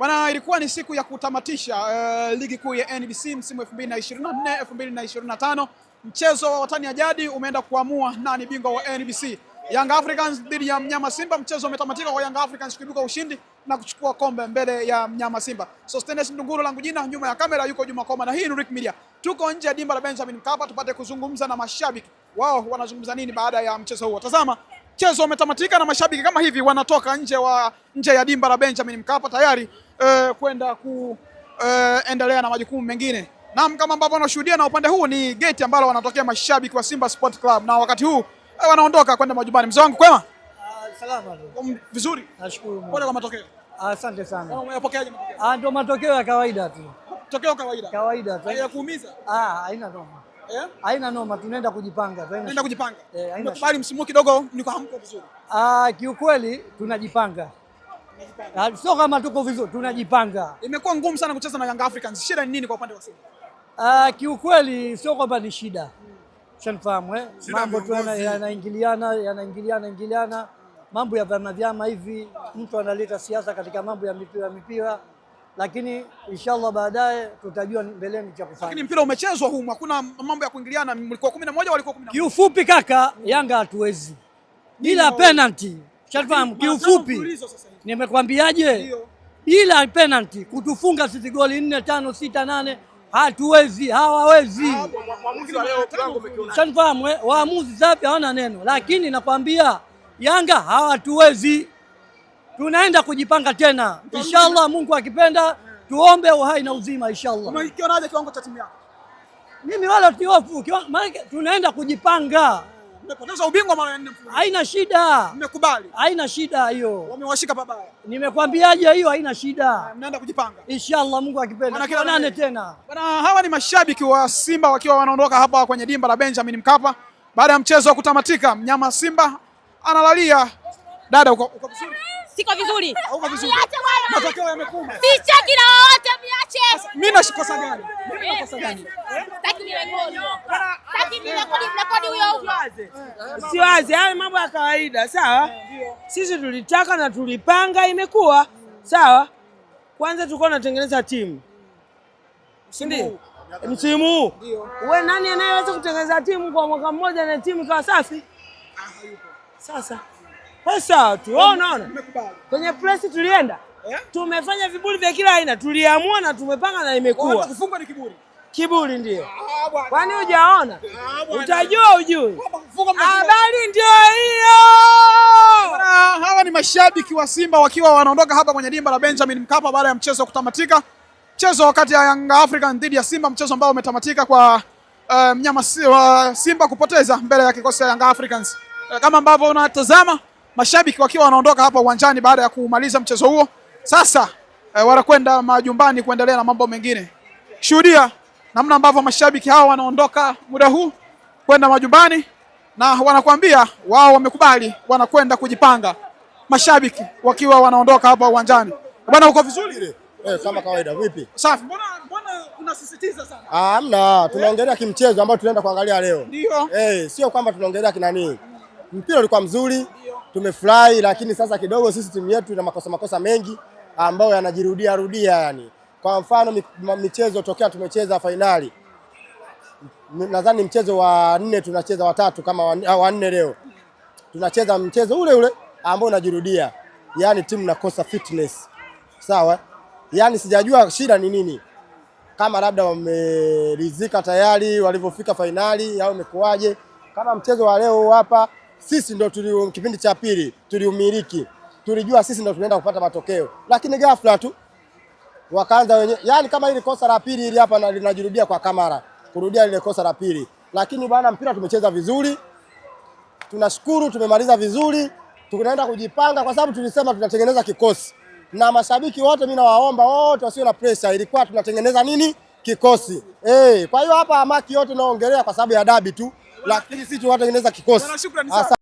Bwana, ilikuwa ni siku ya kutamatisha uh, ligi kuu ya NBC msimu 2024 2025. Mchezo wa watani ya jadi umeenda kuamua nani bingwa wa NBC. Young Africans dhidi ya Mnyama Simba, mchezo umetamatika kwa Young Africans kuibuka ushindi na kuchukua kombe mbele ya Mnyama Simba. Sostenes Ndunguru langu jina, nyuma ya kamera yuko Juma Koma na hii ni Rick Media. Tuko nje ya dimba la Benjamin Mkapa tupate kuzungumza na mashabiki wao wanazungumza nini baada ya mchezo huo. Tazama mchezo umetamatika na mashabiki kama hivi wanatoka nje wa nje ya dimba la Benjamin Mkapa tayari eh, kwenda kuendelea eh, na majukumu mengine. Naam, kama ambavyo unashuhudia na upande huu ni geti ambalo wanatokea mashabiki wa Simba Sport Club na wakati huu eh, wanaondoka kwenda majumbani. Mzee wangu kwema? Ah, salama Vizuri. Nashukuru. Pole kwa matokeo. Asante uh, sana. Umeyapokeaje matokeo? Ah, ndio matokeo ya kawaida tu. Tokeo kawaida. Kawaida tu. kuumiza? Ah, haina noma yeah. Haina noma, tunaenda kujipanga, tunaenda kujipanga. eh, Nakubali msimu kidogo niko hamko vizuri. Ah, kiukweli tunajipanga ah, sio kama tuko vizuri, tunajipanga. Imekuwa ngumu sana kucheza na Young Africans, shida ni nini kwa upande wa Simba? Ah, kiukweli sio kwamba ni shida hmm. eh? Mambo tu yanaingiliana yanaingiliana ingiliana, mambo ya vyama vyama hivi, mtu analeta siasa katika mambo ya mipira mipira lakini inshallah baadaye tutajua mbeleni cha kufanya. Lakini mpira umechezwa huu, hakuna mambo ya kuingiliana, mlikuwa 11 walikuwa 11. Kiufupi kaka, Yanga hatuwezi bila penalty, shafahamu. Kiufupi nimekwambiaje, bila penalty kutufunga sisi goli nne tano sita nane hatuwezi, hawawezi ah, shafahamu. Waamuzi safi hawana neno, lakini nakwambia Yanga hawatuwezi tunaenda kujipanga tena inshallah, Mungu akipenda, tuombe uhai na uzima inshallah. Unakionaje kiwango cha timu yako? Mimi wala tiofu, tunaenda kujipanga. Mmepoteza ubingwa mara nne mfululizo. Haina shida. Mmekubali. Haina shida hiyo. Wamewashika babaya. Nimekwambiaje hiyo haina shida. Ah, mnaenda kujipanga. Inshallah Mungu akipenda. Tuonane tena. Bana, hawa ni mashabiki wa Simba wakiwa wanaondoka hapa kwenye dimba la Benjamin Mkapa baada ya mchezo wa kutamatika. Mnyama Simba analalia. Dada uko, uko vizuri? siko vizuri. Hauko vizuri. bwana. Matokeo yamekuja. Sicheki na wote miache. Mimi nakosa gani? Mimi nakosa gani? Eh, sitaki niwe ngono. Sitaki niwe kodi mnakodi huyo huyo. Si wazi, hayo mambo ya kawaida, sawa? Sisi tulitaka na tulipanga imekuwa, sawa? Kwanza tulikuwa tunatengeneza timu. Si ndio? Msimu. Wewe nani anayeweza kutengeneza timu kwa mwaka mmoja na timu ikawa safi? Ah, Sasa sasa wewe unaona, kwenye press tulienda yeah. Tumefanya vibuli vya kila aina, tuliamua na tumepanga na imekuwa kufungwa ni kiburi, kiburi ndio. Ah, Kwani hujaona? Ah, Utajua ujui. Habari ndio hiyo. Hawa ni mashabiki wa Simba wakiwa wanaondoka hapa kwenye dimba la Benjamin Mkapa baada ya mchezo kutamatika, mchezo kati ya Young African dhidi ya Simba, mchezo ambao umetamatika kwa eh, mnyama um, Simba kupoteza mbele ya kikosi cha Young Africans eh, kama ambavyo unatazama mashabiki wakiwa wanaondoka hapa uwanjani baada ya kumaliza mchezo huo, sasa eh, wanakwenda majumbani kuendelea na mambo mengine. Shuhudia namna ambavyo mashabiki hawa wanaondoka muda huu kwenda majumbani na wanakuambia wao wamekubali, wanakwenda kujipanga, mashabiki wakiwa wanaondoka hapa uwanjani. Bwana, uko vizuri ile? Eh, kama kawaida. Vipi? Safi. Mbona mbona unasisitiza sana? Ah, la, tunaongelea kimchezo ambao tunaenda kuangalia leo. Ndio. Eh, sio kwamba tunaongelea kinani. Mpira ulikuwa mzuri tumefurahi, lakini sasa kidogo sisi timu yetu ina makosa makosa mengi ambayo yanajirudia rudia, yani kwa mfano michezo tokea tumecheza fainali, nadhani mchezo wa nne tunacheza watatu kama wa nne leo tunacheza mchezo ule ule ambao unajirudia, yani timu nakosa fitness. Sawa, yani sijajua shida ni nini, kama labda wameridhika tayari walivyofika fainali au imekuwaje, kama mchezo wa leo hapa sisi ndo tulio kipindi cha pili tuliumiliki, tulijua sisi ndo tunaenda kupata matokeo, lakini ghafla tu wakaanza wenye, yani kama ili kosa la pili ili hapa linajirudia kwa kamera kurudia lile kosa la pili. Lakini bwana, mpira tumecheza vizuri, tunashukuru, tumemaliza vizuri, tunaenda kujipanga, kwa sababu tulisema tunatengeneza kikosi na mashabiki wote, mimi nawaomba wote wasio na pressure, ilikuwa tunatengeneza nini kikosi eh. Kwa hiyo hapa hamaki yote naongelea kwa sababu ya dabi tu lakini sisi tunatengeneza kikosi.